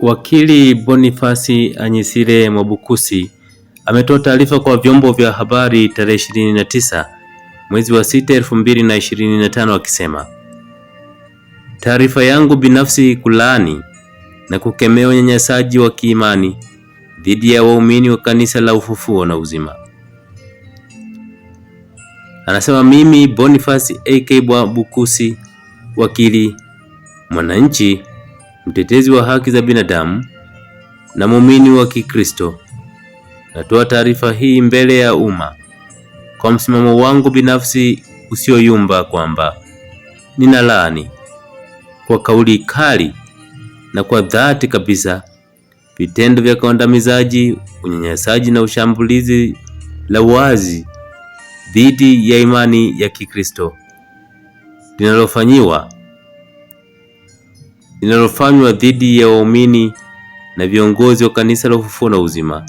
Wakili Bonifasi Anyisile Mwabukusi ametoa taarifa kwa vyombo vya habari tarehe ishirini na tisa mwezi wa sita elfu mbili na ishirini na tano akisema taarifa yangu binafsi kulaani na kukemea unyanyasaji wa kiimani dhidi ya waumini wa kanisa la ufufuo na uzima. Anasema mimi Bonifasi AK Mwabukusi wakili mwananchi mtetezi wa haki za binadamu na muumini wa Kikristo, natoa taarifa hii mbele ya umma kwa msimamo wangu binafsi usioyumba kwamba ninalaani kwa kauli kali na kwa dhati kabisa vitendo vya kaandamizaji, unyanyasaji na ushambulizi la wazi dhidi ya imani ya Kikristo linalofanyiwa linalofanywa dhidi ya waumini na viongozi wa Kanisa la Ufufuo na Uzima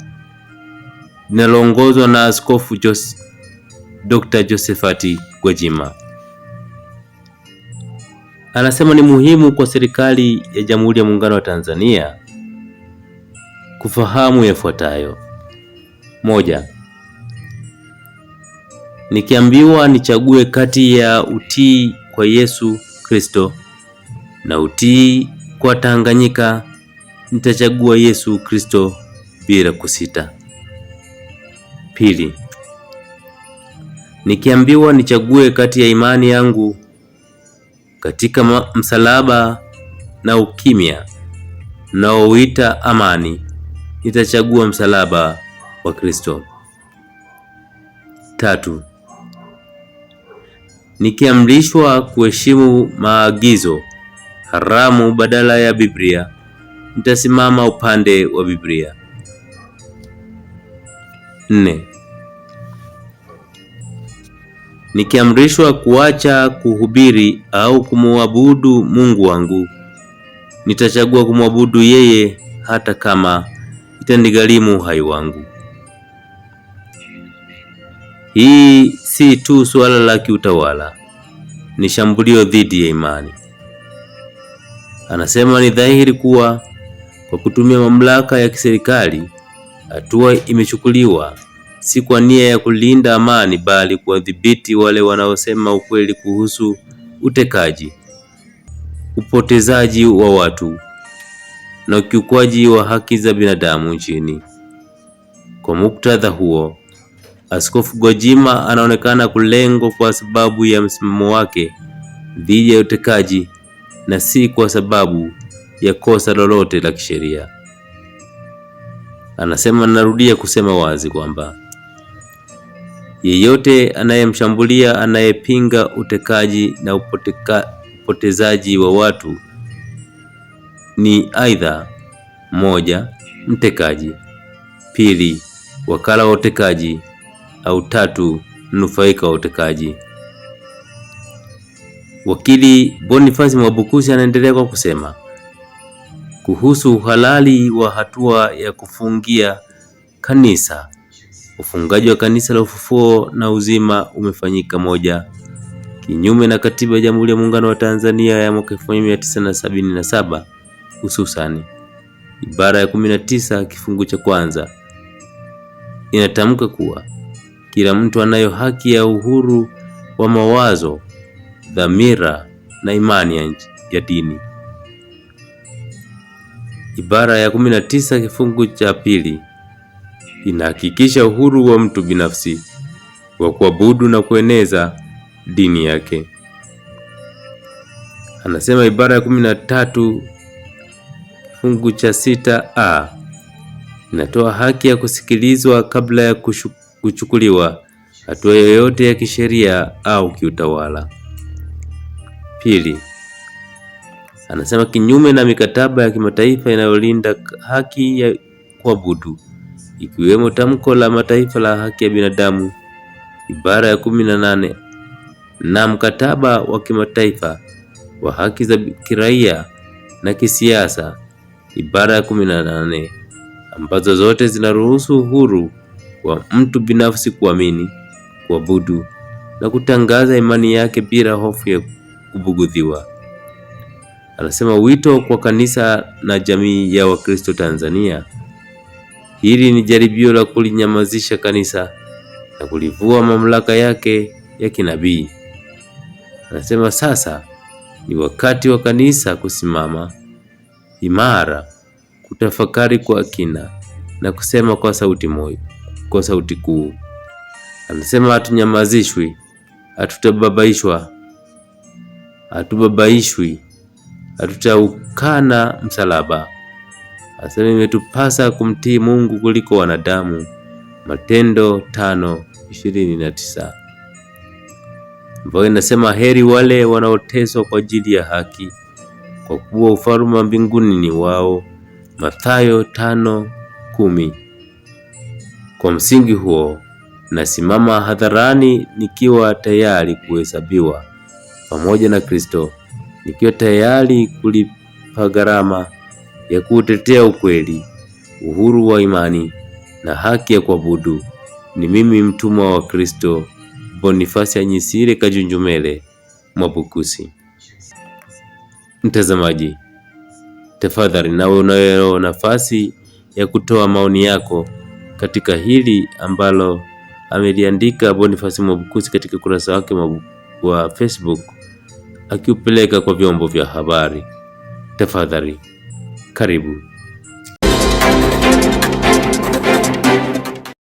linaloongozwa na Askofu Jos Dr. Josephati Gwajima. Anasema ni muhimu kwa serikali ya Jamhuri ya Muungano wa Tanzania kufahamu yafuatayo: moja, nikiambiwa nichague kati ya utii kwa Yesu Kristo na utii kwa Tanganyika, nitachagua Yesu Kristo bila kusita. Pili, nikiambiwa nichague kati ya imani yangu katika msalaba na ukimya naouita amani, nitachagua msalaba wa Kristo. Tatu, nikiamrishwa kuheshimu maagizo haramu badala ya Biblia. Nitasimama upande wa Biblia. Nne. Nikiamrishwa kuacha kuhubiri au kumwabudu Mungu wangu, nitachagua kumwabudu yeye hata kama itanigharimu uhai wangu. Hii si tu suala la kiutawala, ni shambulio dhidi ya imani. Anasema ni dhahiri kuwa kwa kutumia mamlaka ya kiserikali, hatua imechukuliwa si kwa nia ya kulinda amani, bali kuwadhibiti wale wanaosema ukweli kuhusu utekaji, upotezaji wa watu na ukiukwaji wa haki za binadamu nchini. Kwa muktadha huo, Askofu Gwajima anaonekana kulengwa kwa sababu ya msimamo wake dhidi ya utekaji na si kwa sababu ya kosa lolote la kisheria. Anasema, narudia kusema wazi kwamba yeyote anayemshambulia, anayepinga utekaji na upoteka, upotezaji wa watu ni aidha moja, mtekaji; pili, wakala wa utekaji; au tatu, mnufaika wa utekaji. Wakili Boniface Mwabukusi anaendelea kwa kusema kuhusu uhalali wa hatua ya kufungia kanisa. Ufungaji wa kanisa la Ufufuo na Uzima umefanyika moja kinyume na katiba ya Jamhuri ya Muungano wa Tanzania ya mwaka 1977 hususani ibara ya 19 kifungu cha kwanza inatamka kuwa kila mtu anayo haki ya uhuru wa mawazo dhamira na imani ya, ya dini. Ibara ya 19 kifungu cha pili inahakikisha uhuru wa mtu binafsi wa kuabudu na kueneza dini yake. Anasema ibara ya 13 kifungu cha 6a inatoa haki ya kusikilizwa kabla ya kuchukuliwa hatua yoyote ya kisheria au kiutawala. Pili, anasema kinyume na mikataba ya kimataifa inayolinda haki ya kuabudu ikiwemo tamko la mataifa la haki ya binadamu ibara ya kumi na nane na mkataba wa kimataifa wa haki za kiraia na kisiasa ibara ya kumi na nane ambazo zote zinaruhusu uhuru wa mtu binafsi kuamini, kuabudu na kutangaza imani yake bila hofu ya kubugudhiwa. Anasema wito kwa kanisa na jamii ya Wakristo Tanzania. Hili ni jaribio la kulinyamazisha kanisa na kulivua mamlaka yake ya kinabii. Anasema sasa ni wakati wa kanisa kusimama imara, kutafakari kwa kina na kusema kwa sauti moja, kwa sauti kuu. Anasema hatunyamazishwi, hatutababaishwa hatubabaishwi, hatutaukana msalaba. Asema imetupasa kumtii Mungu kuliko wanadamu. Matendo tano ishirini na tisa ambayo inasema heri wale wanaoteswa kwa ajili ya haki, kwa kuwa ufalme wa mbinguni ni wao. Mathayo tano kumi. Kwa msingi huo nasimama hadharani nikiwa tayari kuhesabiwa pamoja na Kristo, nikiwa tayari kulipa gharama ya kuutetea ukweli, uhuru wa imani na haki ya kuabudu. Ni mimi mtumwa wa Kristo, Bonifasi anyisire Kajunjumele Mwabukusi. Mtazamaji, tafadhali nawe unayo nafasi ya kutoa maoni yako katika hili ambalo ameliandika Bonifasi Mwabukusi katika ukurasa wake wa Facebook akiupeleka kwa vyombo vya habari. Tafadhali karibu.